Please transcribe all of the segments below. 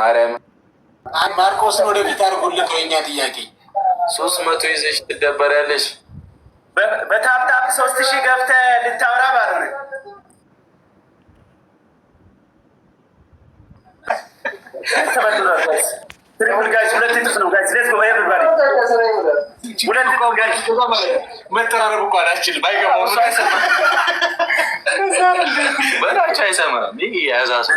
ማርያም ማርቆስን ወደፊት አድርጉልን ነው ጥያቄ። ሶስት መቶ ይዘሽ ትደበሪያለሽ። በታፕታፕ ሶስት ሺህ ገብተህ ልታወራ ባልሆነ መጠራረብ እንኳን አልችልም። አይገባውም በላቸው አይሰማም። ይህ የያዛ ሰው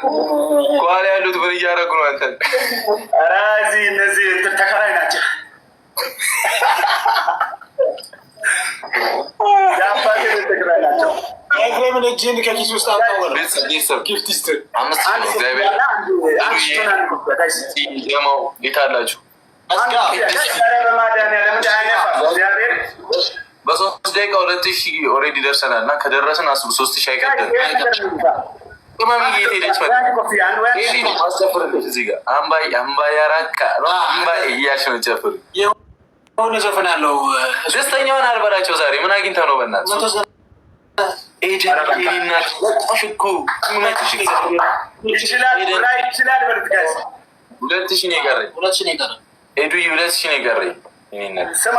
ኳል ያሉት ምን እያደረጉ ነው? አንተን ኧረ እዚህ እነዚህ ተከራይ ናቸው። በሶስት ደቂቃ ሁለት ሺህ ኦልሬዲ ደርሰናል እና ከደረስን ሶስት ሺህ አይቀርም የሆነ ዘፈን አለው። ደስተኛውን አልበላቸው ዛሬ ምን አግኝተ ነው? በእናትህ ሁለት ሺህ ነው የቀረኝ። ኤዱዬ ሁለት ሺህ ነው የቀረኝ። ስማ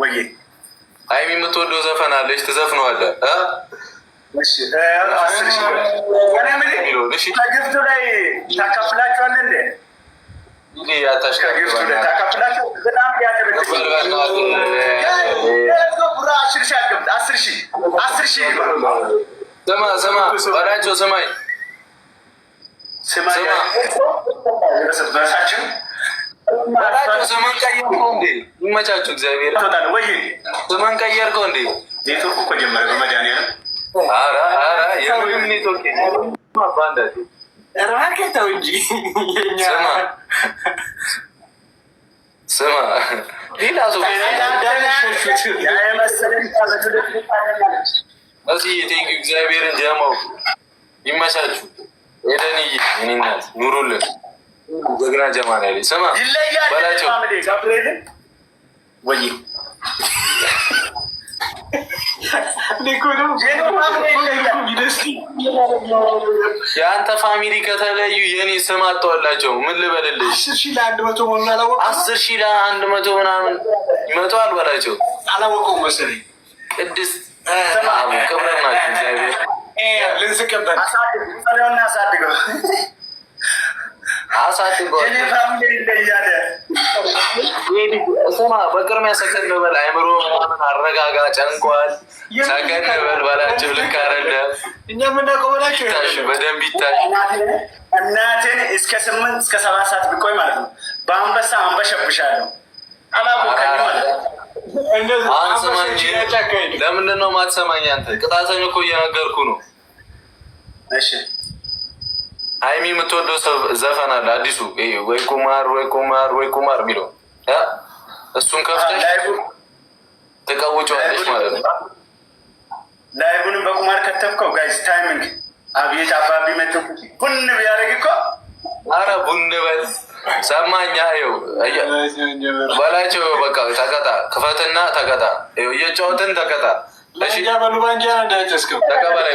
ወይ ሀይሚ የምትወደው ዘፈን አለች፣ ትዘፍነዋለህ። ከግፍቱ ላይ ታካፍላችኋል እንዴ? ስማ ስማ በላቸው ስማኝ ስማ ራቸው ስምን ቀየርከው እንዴ? ይመቻችሁ። እግዚአብሔር ወይ ስምን ቀየርከው እንዴ? ኔትወርኩ እኮ ጀመረ። በመድኃኒዓለም ኔትወርክ እንጂ ስማ ሌላ ሰው እዚህ ቴንክ እግዚአብሔርን ደማው ይመቻችሁ። ኤደንዬ እኔ እናት ኑሩልን። በግራ ጀማ ነው ያለኝ። ስማ ወይ የአንተ ፋሚሊ ከተለዩ የኔ ስም አጥተዋላቸው። ምን ልበልልሽ? አስር ሺህ ለአንድ መቶ ምናምን ይመጣዋል በላቸው። አላወቀው መሰለኝ ቅድስት ክብረት ናቸው። እግዚአብሔር ልንስቅበት በቅድሚያ ሰከን በል፣ አይምሮ ምናምን አረጋጋ፣ ጨንቋል። ሰከን በል በላቸው። ልክ አይደለም። እኛ የምናውቀው በላቸው ይታሽ፣ በደንብ ይታሽ። እናትን እስከ ስምንት እስከ ሰባት ሰዓት ብቆይ ማለት ነው በአንበሳ አንበሸብሻለሁ። ለምንድን ነው ማትሰማኝ አንተ? ቅጣተኝ እኮ እየነገርኩ ነው። እሺ ሀይሚ የምትወደው ዘፈን አለ አዲሱ ወይ ቁማር ወይ ቁማር ወይ ቁማር የሚለው እሱን ከፍተሽ ትቀውጫዋለች ማለት ነው። ላይቡንም በቁማር ከተፍከው ጋይስ ታይሚንግ አብየት አባቢ መቶ ቡን ቢያደርግ እኮ አረ ቡን በል ሰማኛ ው በላቸው በቃ ተቀጣ ክፈትና ተቀጣ እየጫወትን ተቀጣ ተቀበላይ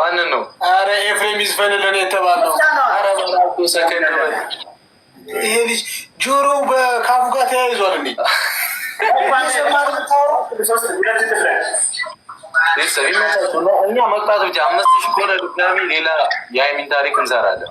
ማንን ነው? አረ ኤፍሬም ይዝፈንልን የተባለው ይሄ ልጅ ጆሮ በካፉ ጋር ተያይዟል። እኛ መቅጣት ብቻ አምስት ሺህ ከሆነ ድጋሚ ሌላ የሃይሚን ታሪክ እንሰራለን።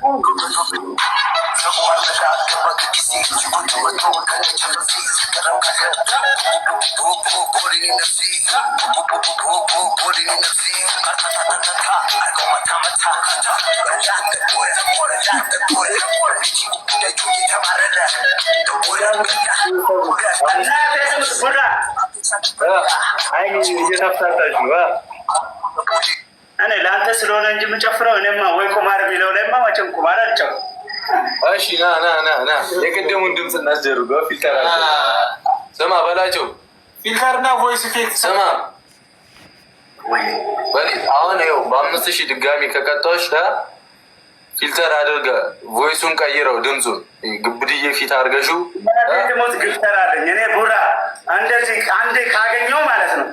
I mean, you have to touch you up. እኔ ለአንተ ስለሆነ እንጂ የምጨፍረው እኔማ ወይ ቁማር የሚለው ላይማ መቼም ቁማር አልጨው። እሺ ና ና ና ና የቀደሙን ድምፅ እናስደርገ ፊልተር ስማ በላቸው። ፊልተርና ቮይስ ፌክት ስማ አሁን ይኸው በአምስት ሺህ ድጋሚ ከቀጣዎች ፊልተር አድርገ ቮይሱን ቀይረው ድምፁን ግብድዬ ፊት አድርገሹ ሞት ግብተር አለኝ እኔ ቡራ እንደዚህ አንዴ ካገኘው ማለት ነው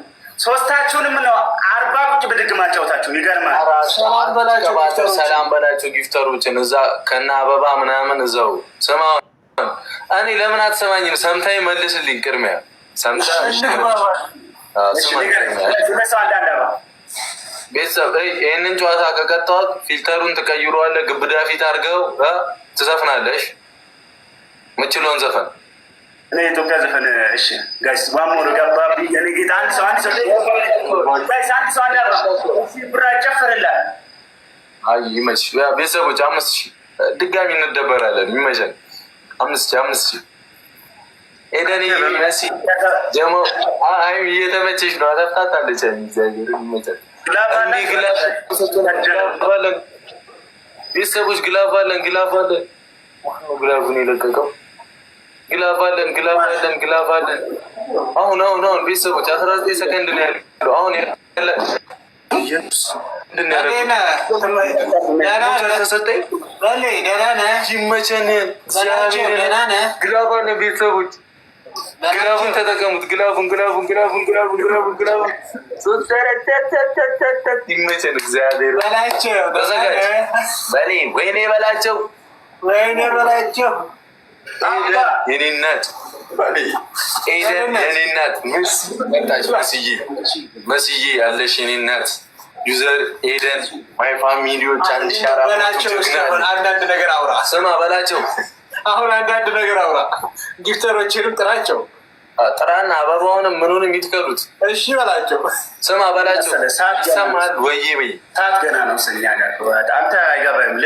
ሶስታችሁንም ነው አርባ ቁጭ ብድግ ማጫወታቸው ይገርማል። ሰላም በላቸው ጊፍተሮችን እዛ ከነ አበባ ምናምን እዛው ስማ፣ እኔ ለምን አትሰማኝም? ሰምታይ መልስልኝ። ቅድሚያ ቤተሰብ ይህንን ጨዋታ ከቀጣት ፊልተሩን ትቀይሯዋለ፣ ግብዳ ፊት አድርገው ትዘፍናለሽ ምችለውን ዘፈን እኔ የኢትዮጵያ ዘፈን እሺ፣ ጋይስ ዋም ገባ የኔ ጌታ አንድ ሰው አንድ ሰው ጋይስ፣ አንድ ሰው አዳራ ብራ ይጨፈርላል። አይ ይመች ቤተሰቦች፣ አምስት ሺህ ድጋሚ እንደበራለን። ይመቻል። አምስት ሺህ አምስት ሺህ ኤደን መሲ ደግሞ አይ እየተመቸሽ ነው። አተፍታታለች። እግዚአብሔር ይመቻል። ቤተሰቦች ግላፍ አለን፣ ማነው ግላፉን የለቀቀው? ግላባለን ግላባለን ግላባለን። አሁን አሁን አሁን ቤተሰቦች አስራ ዘጠኝ ሰከንድ ነው ያለው። አሁን ይመቸን። ግላባለን ቤተሰቦች ግላቡን ተጠቀሙት። ግላቡን ግላቡን ግላቡን ግላቡን ግላቡን ግላቡን ይመቸን። እግዚአብሔር በላቸው በኔ ወይኔ በላቸው ወይኔ በላቸው የኔ እናት ኤደን የኔ እናት እናት ዩዘር ኤደን ማይ ፋሚሊዎች አንድ ሺህ አንዳንድ ነገር አውራ ስማ በላቸው። አሁን አንዳንድ ነገር አውራ ጊፍተሮችንም ጥራቸው ጥራን አበባውንም ምኑንም ይትከሉት። እሺ በላቸው። ስማ በላቸው። ሰማል ወይ በይ ሰዓት ገና ነው። ስኛ አንተ አይገባም ል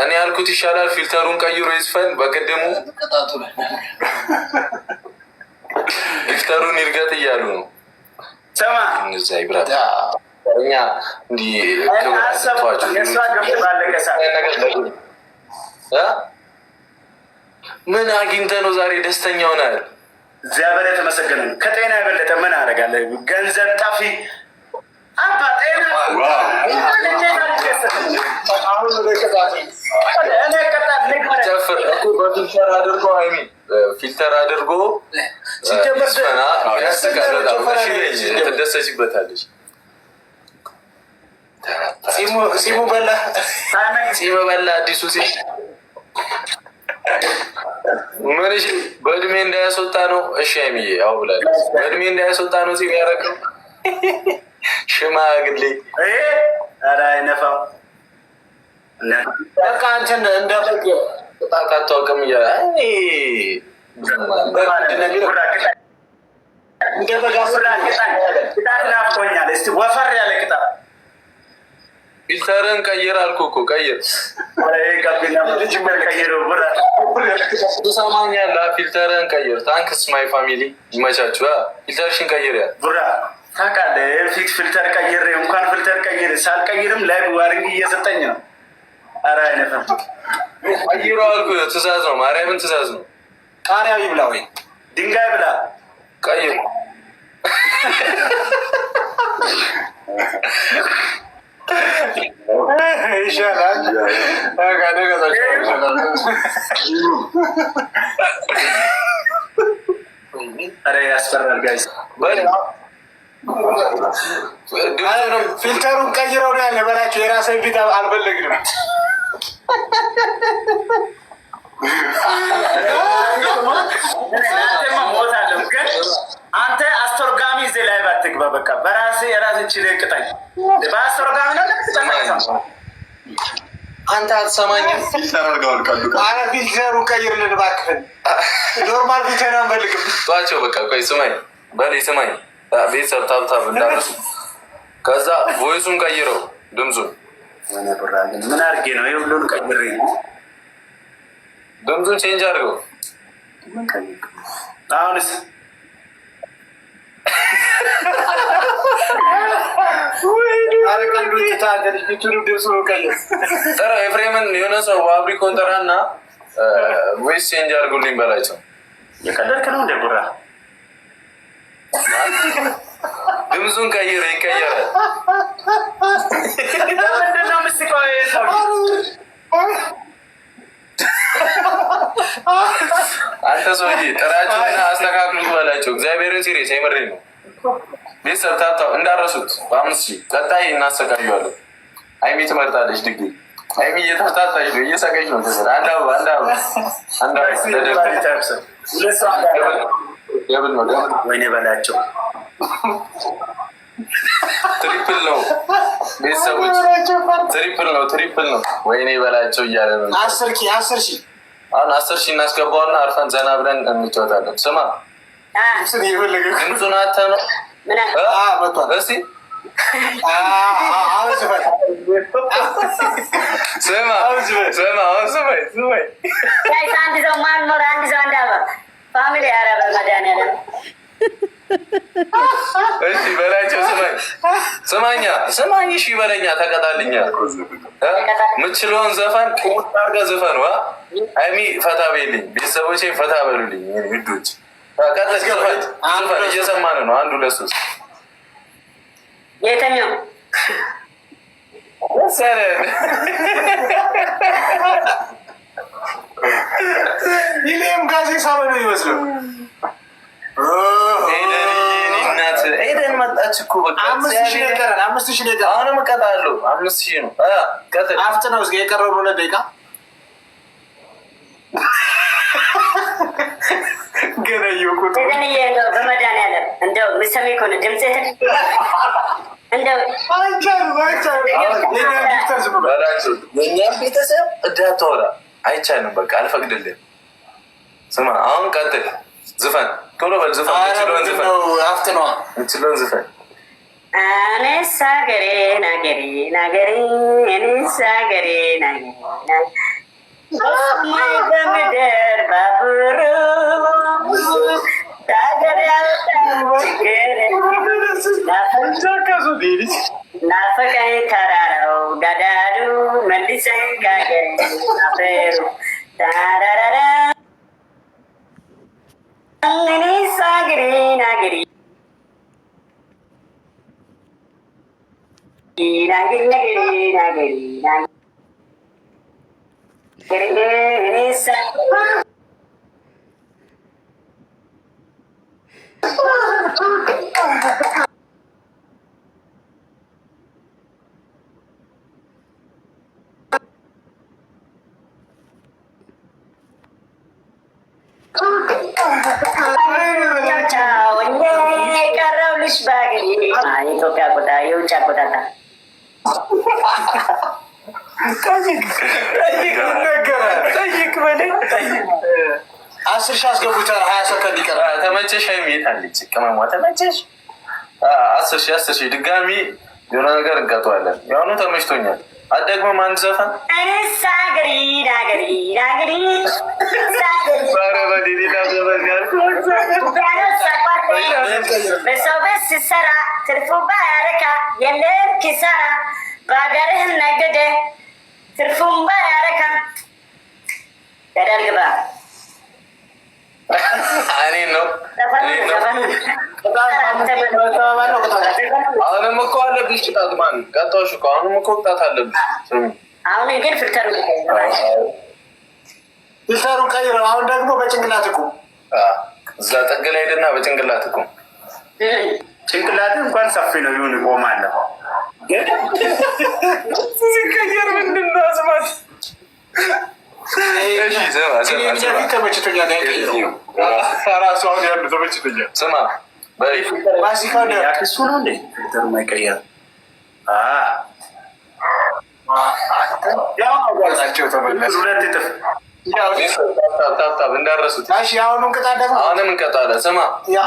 እኔ ያልኩት ይሻላል። ፊልተሩን ቀይሮ ይዝፈን። በቀደሙ ፊልተሩን ይርገጥ እያሉ ነው። ምን አግኝተ ነው ዛሬ ደስተኛ ሆናል? እግዚአብሔር የተመሰገነ ነው። ከጤና የበለጠ ምን አደርጋለሁ? ገንዘብ ጠፊ ፊልተር አድርጎ አይሚ ትደሰችበታለች። ፂሙ በላ ፂሙ በላ አዲሱ ሲ ምን በእድሜ እንዳያስወጣ ነው። እሺ አይሚዬ ያው ብላለች። በእድሜ እንዳያስወጣ ነው ፂም ያደረገው ሽማግሌ ኧረ አይነፋም። በቃ እንደ ቅጣት ወፈር ያለ ቅጣት ፊልተርን ቀይር አልኩ እኮ ቀይር። ፊልተርን ቀይር። ታንክስ ማይ ፋሚሊ ይመቻችሁ። ፊልተርሽን ቀይር ቡራ ታውቃለህ ፊት ፊልተር ቀይሬ እንኳን ፊልተር ቀይሬ ሳልቀይርም ላይ ዋርንግ እየሰጠኝ ነው። ኧረ አይነፈም ቀይሮ ትእዛዝ ነው፣ ማርያምን ትእዛዝ ነው። ቃሪያው ይብላ ወይ ድንጋይ ብላ ቀይሮ ይሻላል። ያስፈራል ጋይስ ፊልተሩን ቀይረው ነው ያለ በላቸው። የራስን ፊት አልፈለግንም። አንተ አስተርጓሚ እዚህ ላይ ባትግባ፣ በቃ በራሴ የራሴ ችል ቅጠኝ በአስተርጓሚ አንተ አትሰማኝም። ኧረ ፊልተሩን ቀይርልን እባክህን። ኖርማል ፊልተር አንፈልግም። ተዋቸው በቃ። ቆይ ስማኝ በል ስማኝ ቤተሰብ ታብታብ እንዳረስ ከዛ ቮይሱን ቀይረው ድምፁ ምን አድርጌ ነው ሁሉን ቀይሬ ድምፁን ቼንጅ አድርገው አሁንስ ኤፍሬምን የሆነ ሰው አብሪ ኮንተራና ቮይስ ቼንጅ አድርጉልኝ በላቸው የቀለድክ ነው እንደ ጉራ ድምፁን ቀይረ ይቀየራል። አንተ ሰውዬ ጥራቸውና አስተካክሉ በላቸው። እግዚአብሔርን ሲሪየስ የምሬ ነው። ቤተሰብ ታታው እንዳረሱት በአምስት ሺህ ቀጣይ እናሰቃየዋለን። አይሚ ትመርጣለች ድግ አይሚ እየተፈታታች ነው፣ እየሰቀች ። ነው። አንዳ አንድ አንድ ወይኔ በላቸው ትሪፕል ነው ቤተሰቦች፣ ትሪፕል ነው ትሪፕል ነው። ወይኔ በላቸው እያለ ነው። አስር ሺህ አስር አሁን አስር እናስገባውና አርፈን ዘና ብለን እንጫወታለን። ስማ ድምፁን አተ ነው ስማ ስማ ፋሚሊ ያረበ መድኃኒዓለም እሺ በላቸው። ስማኝ ስማኛ ስማኝ እሺ በለኛ ተቀጣልኛ ምችለውን ዘፈን ቁጥ አርገ ዘፈን ዋ አይሚ ፈታ በልኝ፣ ቤተሰቦቼ ፈታ በሉልኝ። ህዶች ቀጥለሽ እየሰማን ነው። አንዱ ለሶስት የተኛው ሰረን ይሄም ጋዜ ሳበ ነው ይመስለው። ኤደን መጣች እኮ አምስት ነገር አሁንም እቀጣለሁ። አምስት ነው በመድኃኒዓለም እንደው ምሰሜ ከሆነ ድምፅ እንደው ቤተሰብ አይቻልም። በቃ አልፈቅድልህም። ስማ አሁን ቀጥል፣ ዝፈን፣ ቶሎ በል ዝፈን። ምችለን ዝፈን እኔስ ሀገሬ ናገሬ ናገሬ እኔስ ሀገሬ ናገሬ ናፈቀኝ ተራራው ገዳሉ መልሰኝ ጋገኝ ታራራራ አስገቡት። ሀያ ሰከንድ ይቀራል። ተመቸሽ አለች ቅመሟ። ተመቸሽ አስር ሺህ አስር ሺህ ድጋሚ የሆነ ነገር እንቀጠዋለን። የአሁኑ ተመችቶኛል። አደግሞ አንድ ዘፈን እኔ ነው አሁንም እኮ አለብሽ ቅጣት። ማን ቀጣሽ እኮ አሁንም እኮ ቅጣት አለብሽ። አሁን ፊልተሩን ቀይረው፣ አሁን ደግሞ በጭንቅላት እኮ እዛ ጥግ ላይ ሄድና በጭንቅላት እኮ ጭንቅላት እንኳን ሰፊ ነው ይሁን እቆማለሁ። ሲቀየር ምንድን ነው አስማት እንዳረሱት አሁንም እንቀጣለን። ስማ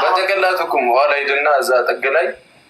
በጥቅላት እኮ ኋላ ሂድና እዛ ጥግ ላይ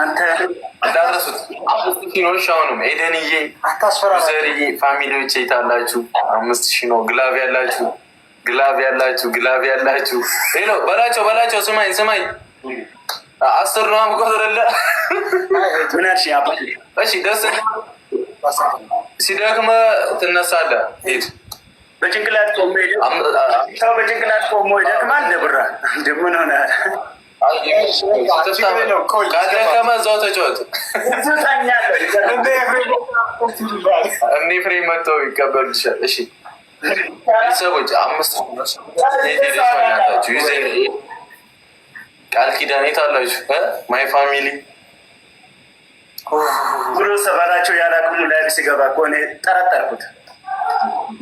አንተ እንዳትረሱት። አምስት ሺ ነው። አሁንም ኤደንዬ፣ አታስፈራ ዘርዬ፣ ፋሚሊዎች የታላችሁ? አምስት ሺ ነው። ግላብ ያላችሁ፣ ግላብ ያላችሁ፣ ግላብ ያላችሁ ሌላው በላቸው፣ በላቸው። ስማኝ፣ ስማኝ አስር ነው አምቆረለ እሺ፣ ደስ ሲደክመ ትነሳለ ሄድ በጭንቅላት ቆሞ ሄደ። በጭንቅላት ቆሞ ይደክማል። ደብራ እንደምን ሆነ እኔ ፍሬም መጥተው ይቀበሉሻል። ቃል ማይ ፋሚሊ ብሎ ሰባላቸው ያላቅሙ ላይ ሲገባ ከሆነ ጠረጠርኩት።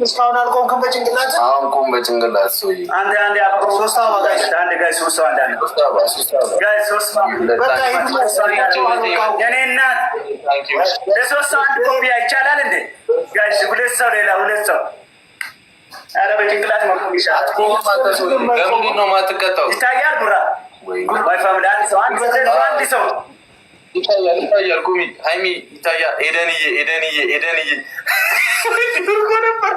እስካሁን አልቆምክም። በጭንቅላት አሁን በጭንቅላት ሰውዬ አንድ አንድ ሶስት አበባ ጋይ አንድ ጋይ ሶስት አንድ አንድ ጋይ ሶስት የኔ እናት ለሶስት ሰው አንድ ኮፒያ ይቻላል እንዴ? ጋይ ሁለት ሰው ሌላ ሁለት ሰው ኧረ በጭንቅላት መቆም ይሻላል። ለምንድን ነው የማትቀጣው? ይታያል ቡራ ወይ ፋሚሊ አንድ ሰው አንድ ሰው ይታያል ይታያል። ቁሚ ሀይሚ ይታያል። ኤደንዬ ኤደንዬ ኤደንዬ ድርጎ ነበር።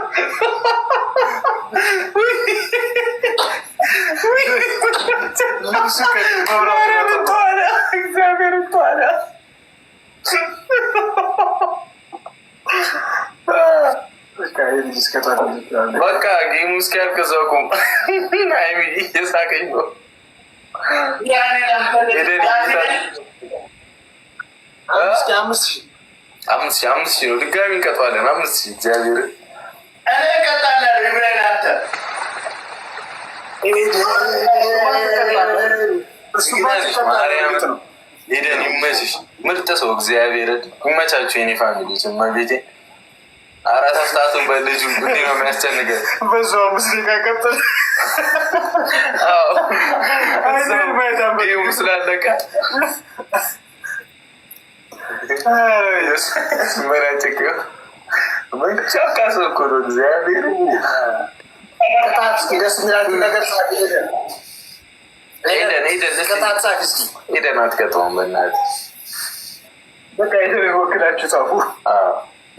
እግዚአብሔር እንኳን በቃ ጌሙ እስኪያልቅ እዛው ሀይሚ እየሳቀኝ ነው። አምስት ሺህ አምስት ሺህ ነው። ድጋሚ እንቀጠዋለን። አምስት ሺ እግዚአብሔር እኔ እቀጣለሁ። ሄደን ይመችሽ፣ ምርጥ ሰው እግዚአብሔር ይመቻችሁ። የኔ ፋሚሊዎች ቤቴ አራት ሰዓቱን በልጁ ጉዴ ነው የሚያስጨንቀን። በዛ ሙስሊም ያቀጥል ስላለቀ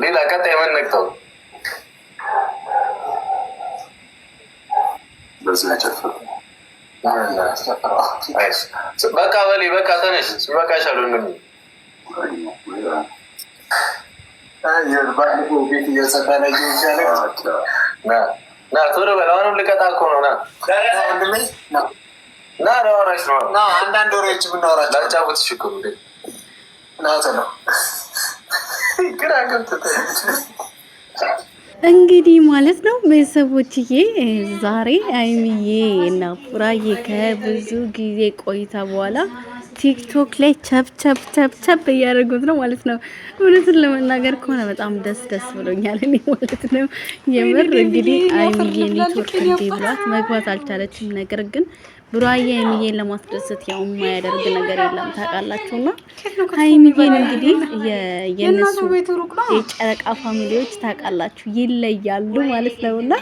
ሌላ ቀጣይ በቃ በሌ በቃ ተነሽ በቃ ሻሉ ቶሎ በል። አሁንም ልቀጣ እኮ ነው። ና ና ነው አንዳንድ ወሬዎች እንግዲህ ማለት ነው ቤተሰቦችዬ፣ ዛሬ አይምዬ እና ፉራዬ ከብዙ ጊዜ ቆይታ በኋላ ቲክቶክ ላይ ቸብቸብ ቸብቸብ እያደረጉት ነው ማለት ነው። እውነትን ለመናገር ከሆነ በጣም ደስ ደስ ብሎኛል እኔ ማለት ነው። የምር እንግዲህ አይሚዬ ኔትወርክ እንዲህ ብሏት መግባት አልቻለችም። ነገር ግን ብሩዬ አይሚዬን ለማስደሰት ያው የማያደርግ ነገር የለም ታውቃላችሁና፣ አይሚዬን እንግዲህ የነሱ የጨረቃ ፋሚሊዎች ታውቃላችሁ ይለያሉ ማለት ነውና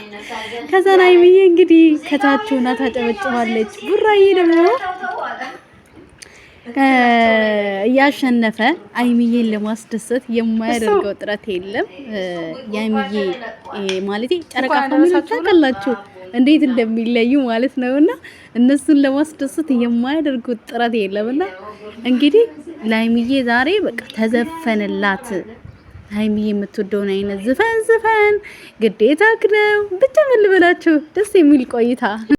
ከዛን አይሚዬ እንግዲህ ከታች ሆና ታጨበጭባለች። ብሩዬ ደግሞ ያሸነፈ አይሚዬን ለማስደሰት የማያደርገው ጥረት የለም። የአይሚዬ ማለት ጨረቃ ፋሚሊ ታውቃላችሁ እንዴት እንደሚለዩ ማለት ነው። እና እነሱን ለማስደሰት የማያደርጉት ጥረት የለም። እና እንግዲህ ለአይሚዬ ዛሬ በቃ ተዘፈንላት። ሀይሚዬ የምትወደውን አይነት ዝፈን ዝፈን ግዴታ ክደው ብቻ ምን ልበላችሁ ደስ የሚል ቆይታ